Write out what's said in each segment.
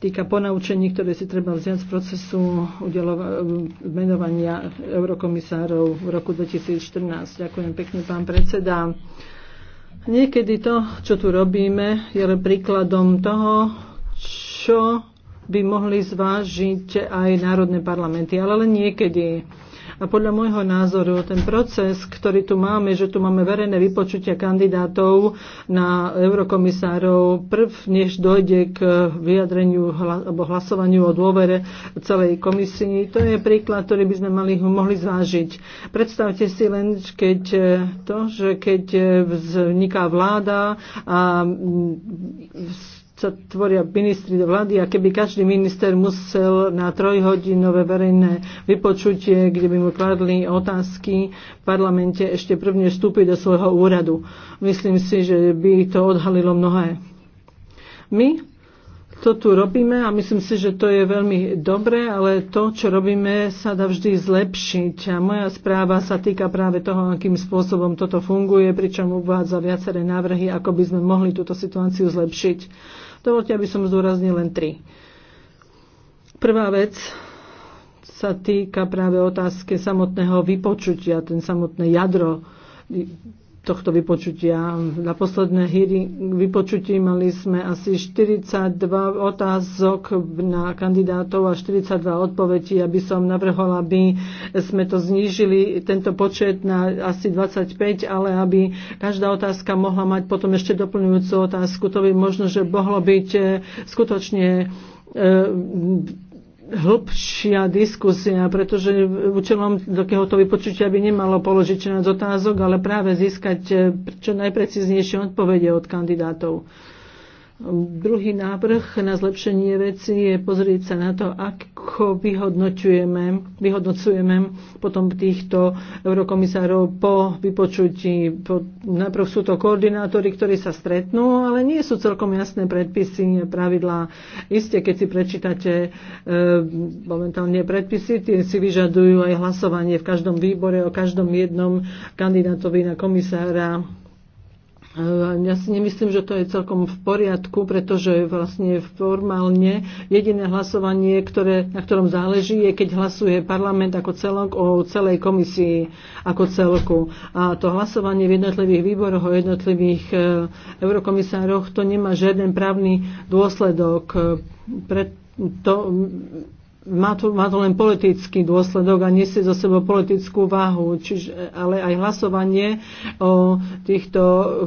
týka ponaučení, ktoré si treba vziať z procesu menovania eurokomisárov v roku 2014. Ďakujem pekne, pán predseda. Niekedy to, čo tu robíme, je len príkladom toho, čo by mohli zvážiť aj národné parlamenty, ale len niekedy. A podľa môjho názoru ten proces, ktorý tu máme, že tu máme verejné vypočutia kandidátov na eurokomisárov, prv než dojde k vyjadreniu alebo hlasovaniu o dôvere celej komisii, to je príklad, ktorý by sme mali, mohli zvážiť. Predstavte si len, keď e, to, že keď e, vzniká vláda a sa tvoria ministri do vlády a keby každý minister musel na trojhodinové verejné vypočutie, kde by mu kladli otázky v parlamente ešte prvne vstúpiť do svojho úradu. Myslím si, že by to odhalilo mnohé. My to tu robíme a myslím si, že to je veľmi dobré, ale to, čo robíme, sa dá vždy zlepšiť. A moja správa sa týka práve toho, akým spôsobom toto funguje, pričom uvádza viaceré návrhy, ako by sme mohli túto situáciu zlepšiť. Dovolte, aby som zdôraznil len tri. Prvá vec sa týka práve otázky samotného vypočutia, ten samotné jadro tohto vypočutia. Na posledné vypočutí mali sme asi 42 otázok na kandidátov a 42 odpovedí. Aby som navrhol, aby sme to znížili, tento počet na asi 25, ale aby každá otázka mohla mať potom ešte doplňujúcu otázku. To by možno, že mohlo byť eh, skutočne eh, hĺbšia diskusia, pretože účelom takéhoto vypočutia by nemalo položiť 14 otázok, ale práve získať čo najpreciznejšie odpovede od kandidátov. Druhý návrh na zlepšenie veci je pozrieť sa na to, ako vyhodnocujeme, vyhodnocujeme potom týchto eurokomisárov po vypočutí. Po, najprv sú to koordinátori, ktorí sa stretnú, ale nie sú celkom jasné predpisy pravidlá. Isté, keď si prečítate e, momentálne predpisy, tie si vyžadujú aj hlasovanie v každom výbore o každom jednom kandidátovi na komisára Eh, ja si nemyslím, že to je celkom v poriadku, pretože vlastne formálne jediné hlasovanie, ktoré, na ktorom záleží, je, keď hlasuje parlament ako celok o celej komisii ako celku. A to hlasovanie v jednotlivých výboroch o jednotlivých eh, eurokomisároch, to nemá žiaden právny dôsledok. Eh, Pre to, má to, má to len politický dôsledok a nesie za sebou politickú váhu, čiže, ale aj hlasovanie o týchto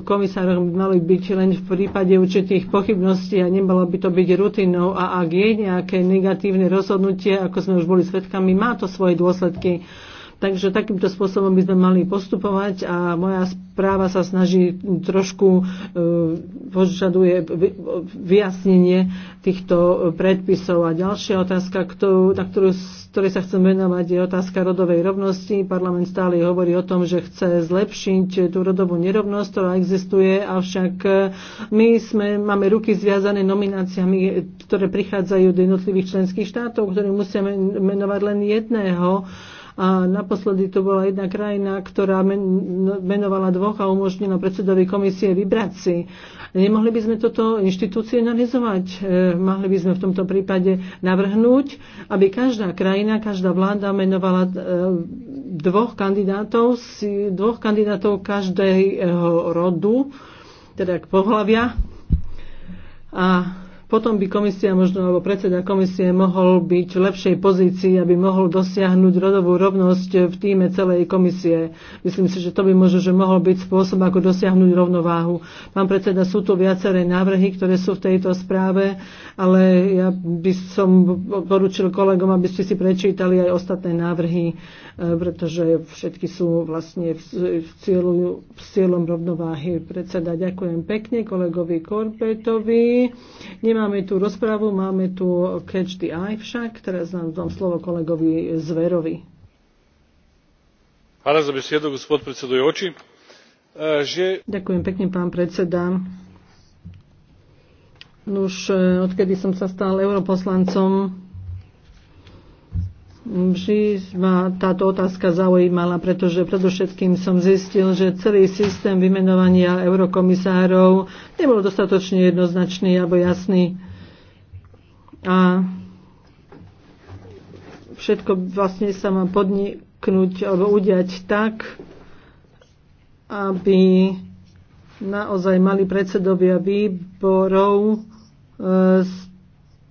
komisároch by mali byť len v prípade určitých pochybností a nemalo by to byť rutinou a ak je nejaké negatívne rozhodnutie, ako sme už boli svedkami, má to svoje dôsledky. Takže takýmto spôsobom by sme mali postupovať a moja správa sa snaží trošku e, požaduje vyjasnenie týchto predpisov. A ďalšia otázka, na ktorú, ktorej sa chcem venovať, je otázka rodovej rovnosti. Parlament stále hovorí o tom, že chce zlepšiť tú rodovú nerovnosť, ktorá existuje, avšak my sme, máme ruky zviazané nomináciami, ktoré prichádzajú do jednotlivých členských štátov, ktoré musíme menovať len jedného a naposledy to bola jedna krajina, ktorá menovala dvoch a umožnila predsedovi komisie vybrať si. Nemohli by sme toto inštitucionalizovať. E, mohli by sme v tomto prípade navrhnúť, aby každá krajina, každá vláda menovala e, dvoch kandidátov, dvoch kandidátov každého rodu, teda pohľavia. A potom by komisia možno, alebo predseda komisie mohol byť v lepšej pozícii, aby mohol dosiahnuť rodovú rovnosť v týme celej komisie. Myslím si, že to by možno, že mohol byť spôsob, ako dosiahnuť rovnováhu. Pán predseda, sú tu viaceré návrhy, ktoré sú v tejto správe, ale ja by som poručil kolegom, aby ste si prečítali aj ostatné návrhy Eh, pretože všetky sú vlastne v, cieľu, v cieľom rovnováhy predseda. Ďakujem pekne kolegovi Korpetovi. Nemáme tu rozprávu, máme tu catch the eye však. Teraz nám dám slovo kolegovi Zverovi. Hvala za besedo, gospod predsedujoči. Eh, že... Ďakujem pekne, pán predseda. No Už eh, odkedy som sa stal europoslancom, vždy ma táto otázka zaujímala, pretože predovšetkým som zistil, že celý systém vymenovania eurokomisárov nebol dostatočne jednoznačný alebo jasný. A všetko vlastne sa má podniknúť alebo udiať tak, aby naozaj mali predsedovia výborov e,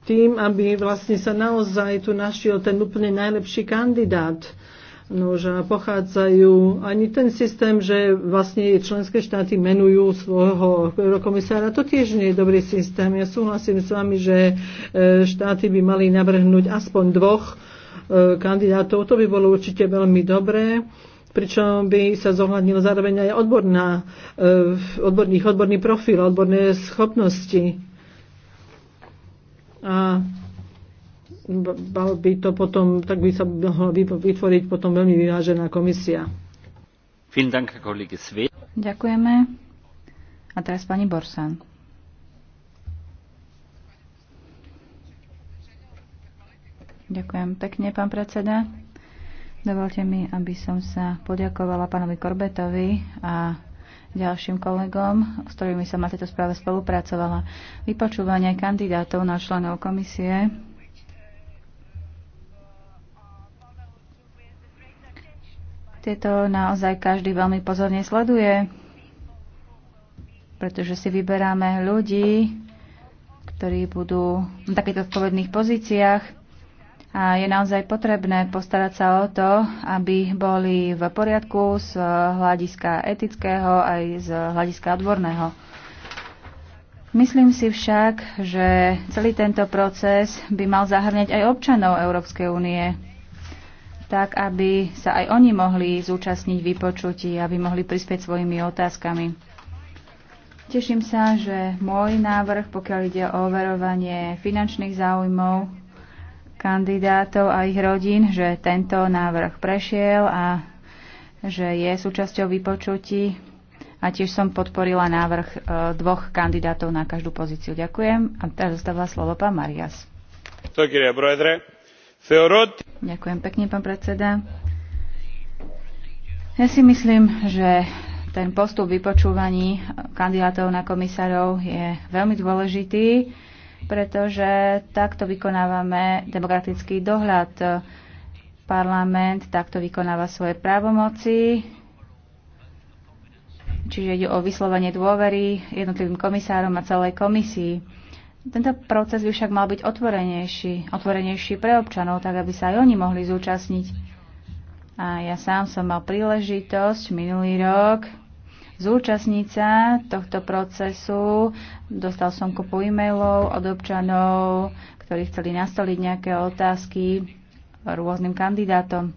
tým, aby vlastne sa naozaj tu našiel ten úplne najlepší kandidát. No, že pochádzajú ani ten systém, že vlastne členské štáty menujú svojho eurokomisára, to tiež nie je dobrý systém. Ja súhlasím s vami, že e, štáty by mali navrhnúť aspoň dvoch e, kandidátov, to by bolo určite veľmi dobré pričom by sa zohľadnil zároveň aj odborná, e, odborných, odborný profil, odborné schopnosti a by to potom, tak by sa mohla vytvoriť potom veľmi vyvážená komisia. Ďakujeme. A teraz pani Borsan. Ďakujem pekne, pán predseda. Dovolte mi, aby som sa poďakovala pánovi Korbetovi a ďalším kolegom, s ktorými som na tejto správe spolupracovala. Vypočúvanie kandidátov na členov komisie Tieto naozaj každý veľmi pozorne sleduje, pretože si vyberáme ľudí, ktorí budú na takýchto odpovedných pozíciách a je naozaj potrebné postarať sa o to, aby boli v poriadku z hľadiska etického aj z hľadiska odborného. Myslím si však, že celý tento proces by mal zahrňať aj občanov Európskej únie, tak aby sa aj oni mohli zúčastniť vypočutí, aby mohli prispieť svojimi otázkami. Teším sa, že môj návrh, pokiaľ ide o overovanie finančných záujmov kandidátov a ich rodín, že tento návrh prešiel a že je súčasťou vypočutí. A tiež som podporila návrh e, dvoch kandidátov na každú pozíciu. Ďakujem. A teraz zostáva slovo pán Marias. Ďakujem pekne, pán predseda. Ja si myslím, že ten postup vypočúvaní kandidátov na komisárov je veľmi dôležitý pretože takto vykonávame demokratický dohľad. Parlament takto vykonáva svoje právomoci, čiže ide o vyslovenie dôvery jednotlivým komisárom a celej komisii. Tento proces by však mal byť otvorenejší, otvorenejší pre občanov, tak aby sa aj oni mohli zúčastniť. A ja sám som mal príležitosť minulý rok zúčastniť sa tohto procesu. Dostal som kopu e-mailov od občanov, ktorí chceli nastoliť nejaké otázky rôznym kandidátom.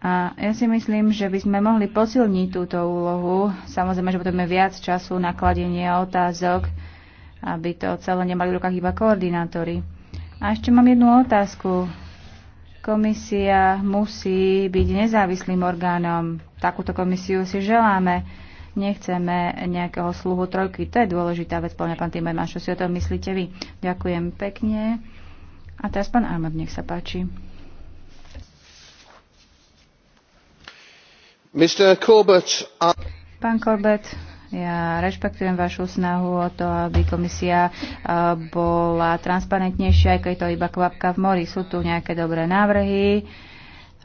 A ja si myslím, že by sme mohli posilniť túto úlohu. Samozrejme, že budeme viac času na kladenie otázok, aby to celé nemali v rukách iba koordinátori. A ešte mám jednu otázku. Komisia musí byť nezávislým orgánom. Takúto komisiu si želáme. Nechceme nejakého sluhu trojky. To je dôležitá vec, poľa pán Timerman, čo si o tom myslíte vy. Ďakujem pekne. A teraz pán Armad, nech sa páči. Mr. Corbett, I... Pán Corbett, ja rešpektujem vašu snahu o to, aby komisia e, bola transparentnejšia, aj keď to iba kvapka v mori. Sú tu nejaké dobré návrhy,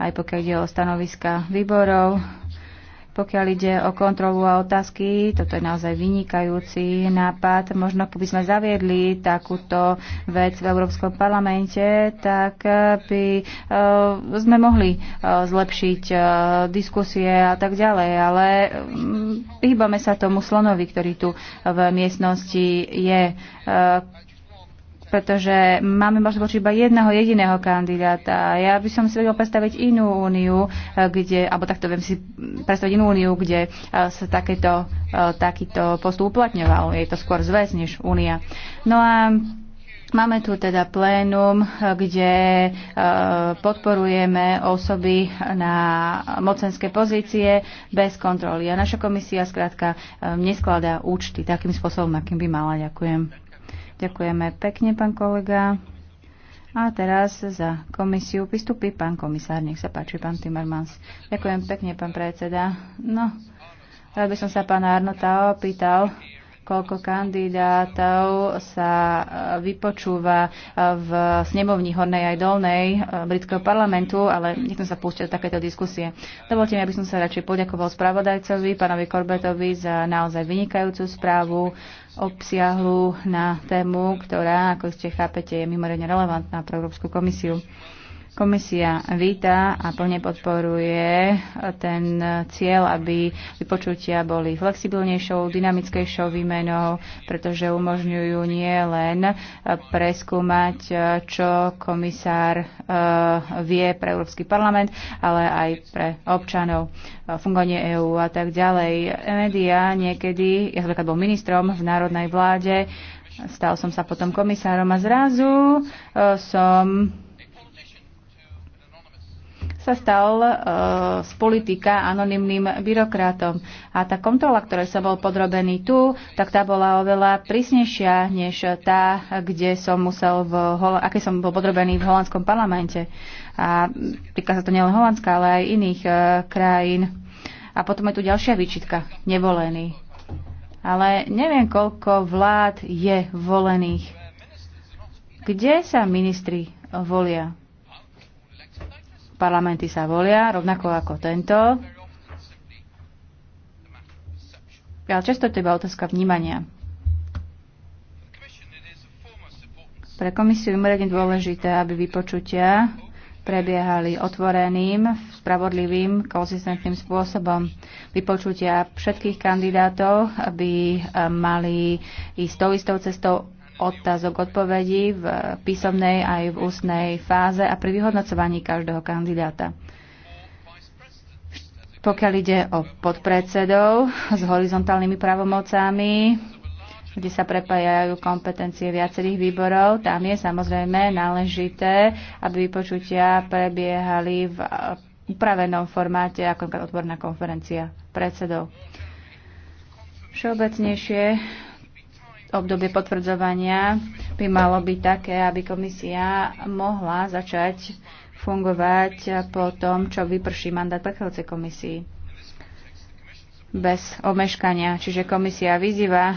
aj pokiaľ ide o stanoviska výborov. Pokiaľ ide o kontrolu a otázky, toto je naozaj vynikajúci nápad. Možno keby sme zaviedli takúto vec v Európskom parlamente, tak eh, by eh, sme mohli eh, zlepšiť diskusie a tak ďalej. Ale mm, hýbame sa tomu slonovi, ktorý tu v miestnosti je pretože máme možno voči iba jedného jediného kandidáta. Ja by som si vedel predstaviť inú úniu, eh, kde, alebo takto viem si predstaviť inú úniu, kde eh, sa takéto, eh, takýto postup uplatňoval. Je to skôr zväz než únia. No a Máme tu teda plénum, kde podporujeme osoby na mocenské pozície bez kontroly. A naša komisia skrátka neskladá účty takým spôsobom, akým by mala. Ďakujem. Ďakujeme pekne, pán kolega. A teraz za komisiu vystupí pán komisár. Nech sa páči, pán Timmermans. Ďakujem pekne, pán predseda. No, rád by som sa pána Arnota opýtal, koľko kandidátov sa e, vypočúva e, v snemovni hornej aj dolnej e, britského parlamentu, ale nechcem sa púšťať do takéto diskusie. Dovolte mi, aby som sa radšej poďakoval spravodajcovi, pánovi Korbetovi za naozaj vynikajúcu správu obsiahlu na tému, ktorá, ako ste chápete, je mimoriadne relevantná pre Európsku komisiu. Komisia víta a plne podporuje ten cieľ, aby vypočutia boli flexibilnejšou, dynamickejšou výmenou, pretože umožňujú nie len preskúmať, čo komisár e, vie pre Európsky parlament, ale aj pre občanov, e, fungovanie EÚ a tak ďalej. Media niekedy, ja som bol ministrom v národnej vláde, stal som sa potom komisárom a zrazu e, som sa stal e, z politika anonymným byrokratom. A tá kontrola, ktorej sa bol podrobený tu, tak tá bola oveľa prísnejšia než tá, kde som musel v aké som bol podrobený v holandskom parlamente. A týka sa to nielen Holandska, ale aj iných e, krajín. A potom je tu ďalšia výčitka. Nevolený. Ale neviem, koľko vlád je volených. Kde sa ministri volia? Parlamenty sa volia, rovnako ako tento. Ale často to je iba otázka vnímania. Pre komisiu je mimoriadne dôležité, aby vypočutia prebiehali otvoreným, spravodlivým, konzistentným spôsobom. Vypočutia všetkých kandidátov, aby eh, mali ísť tou istou cestou otázok, odpovedí v písomnej aj v ústnej fáze a pri vyhodnocovaní každého kandidáta. Pokiaľ ide o podpredsedov s horizontálnymi pravomocami, kde sa prepájajú kompetencie viacerých výborov. Tam je samozrejme náležité, aby vypočutia prebiehali v upravenom formáte, ako odborná konferencia predsedov. Všeobecnejšie obdobie potvrdzovania by malo byť také, aby komisia mohla začať fungovať po tom, čo vyprší mandát predchádzajúcej komisii bez omeškania. Čiže komisia vyzýva, e,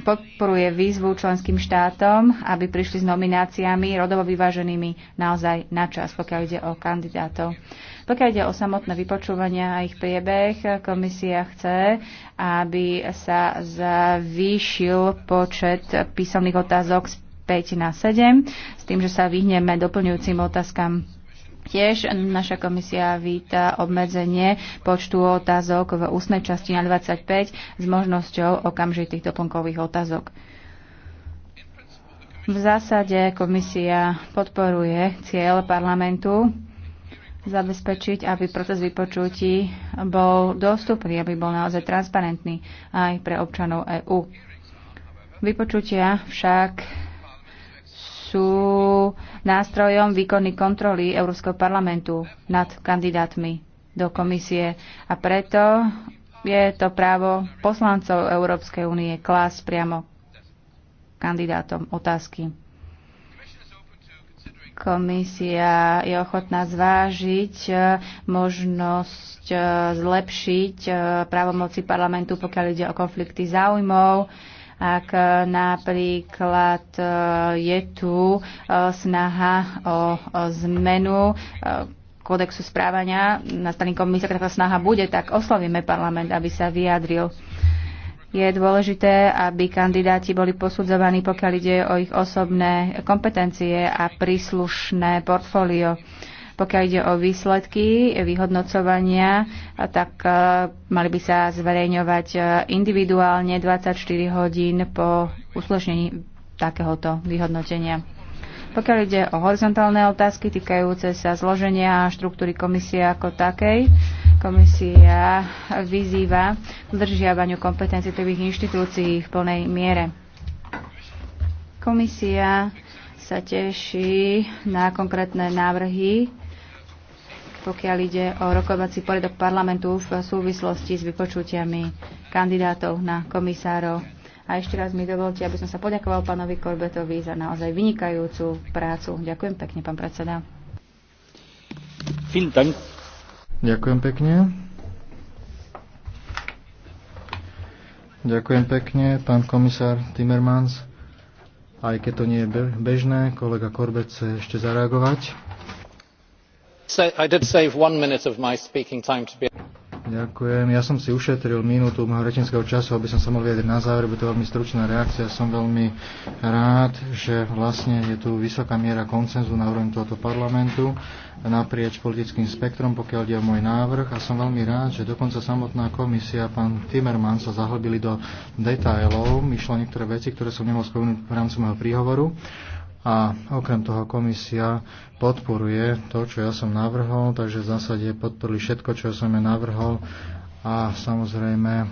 podporuje výzvu členským štátom, aby prišli s nomináciami rodovo vyváženými naozaj na čas, pokiaľ ide o kandidátov. Pokiaľ ide o samotné vypočúvania a ich priebeh, komisia chce, aby sa zvýšil počet písomných otázok z 5 na 7, s tým, že sa vyhneme doplňujúcim otázkam Tiež naša komisia víta obmedzenie počtu otázok v ústnej časti na 25 s možnosťou okamžitých doplnkových otázok. V zásade komisia podporuje cieľ parlamentu zabezpečiť, aby proces vypočutí bol dostupný, aby bol naozaj transparentný aj pre občanov EÚ. Vypočutia však sú nástrojom výkonnej kontroly Európskeho parlamentu nad kandidátmi do komisie a preto je to právo poslancov Európskej únie klas priamo kandidátom otázky. Komisia je ochotná zvážiť e, možnosť e, zlepšiť e, právomoci parlamentu, pokiaľ ide o konflikty záujmov ak napríklad je tu snaha o zmenu kódexu správania na strane komisie, ktorá snaha bude, tak oslovíme parlament, aby sa vyjadril. Je dôležité, aby kandidáti boli posudzovaní, pokiaľ ide o ich osobné kompetencie a príslušné portfólio. Pokiaľ ide o výsledky vyhodnocovania, tak e, mali by sa zverejňovať e, individuálne 24 hodín po uslušnení takéhoto vyhodnotenia. Pokiaľ ide o horizontálne otázky týkajúce sa zloženia a štruktúry komisie ako takej, Komisia vyzýva k držiavaniu kompetencií tých inštitúcií v plnej miere. Komisia sa teší na konkrétne návrhy, pokiaľ ide o rokovací poriadok parlamentu v súvislosti s vypočutiami kandidátov na komisárov. A ešte raz mi dovolte, aby som sa poďakoval pánovi Korbetovi za naozaj vynikajúcu prácu. Ďakujem pekne, pán predseda. Vielen Dank. Ďakujem pekne. Ďakujem pekne, pán komisár Timmermans. Aj keď to nie je bežné, kolega Korbec chce ešte zareagovať. Ďakujem. Ja som si ušetril minútu môjho rečenského času, aby som sa mohol vyjadriť na záver, bude to veľmi stručná reakcia. Som veľmi rád, že vlastne je tu vysoká miera koncenzu na úrovni tohoto parlamentu naprieč politickým spektrom, pokiaľ ide o môj návrh. A som veľmi rád, že dokonca samotná komisia, pán Timerman, sa zahlbili do detailov. Išlo niektoré veci, ktoré som nemohol spomenúť v rámci môjho príhovoru a okrem toho komisia podporuje to, čo ja som navrhol, takže v zásade podporili všetko, čo som ja navrhol a samozrejme e,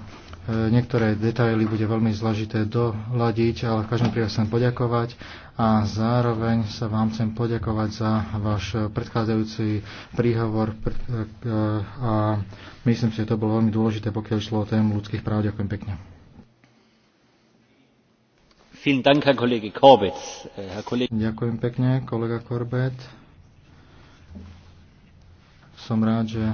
niektoré detaily bude veľmi zložité doľadiť, ale v každom prípade chcem poďakovať a zároveň sa vám chcem poďakovať za váš predchádzajúci príhovor e, a myslím si, že to bolo veľmi dôležité, pokiaľ šlo o tému ľudských práv. Ďakujem pekne. Äh, Ďakujem pekne, kolega Korbet. Som rád, že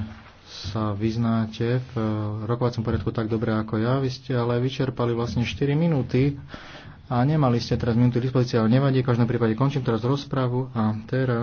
sa vyznáte v e, rokovacom poriadku tak dobre ako ja. Vy ste ale vyčerpali vlastne 4 minúty a nemali ste teraz minúty dispozície, ale nevadí. V každom prípade končím teraz rozprávu a teraz